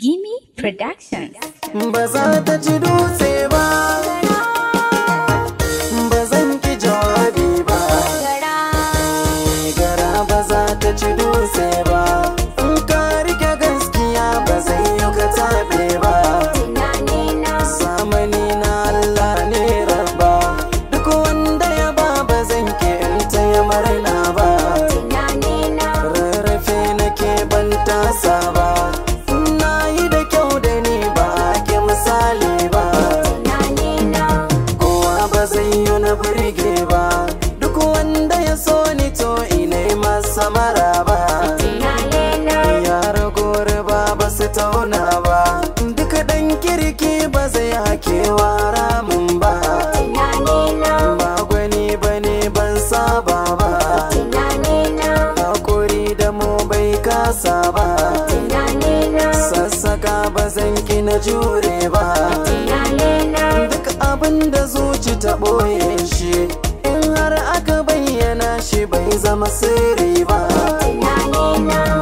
Gimme Productions. Ba za ta ci dutse ba. so ni to ina masa maraba yara gore ba ba su tauna ba duka dan kirki ba zai hake ramin ba ba gwani ba ne ban saba ba hakuri da mu bai kasa ba sassaka ba zan na jure ba duk abin da zuci ta ɓoye shi zama sirri ba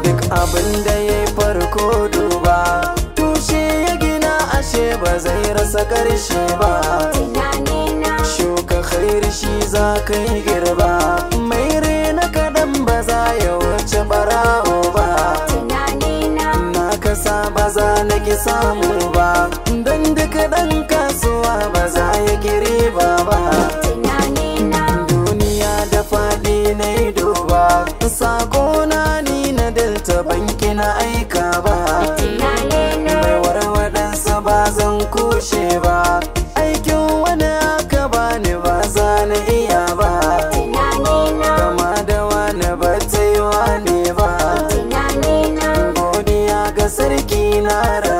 duk abin da ya farko duba tushe ya gina ashe ba zai rasa karshe ba shuka khairi shi za ka yi girba mai rena kadan ba za ya wuce barawo ba na kasa ba za na ki samu ba don duk ɗan kasuwa ba za ya ba ba kina aika ba baiwar waɗansa ba zan kushe ba aikin wani aka bani ba za na iya ba kama da wani ba ta yi ne ba godiya ga sarki na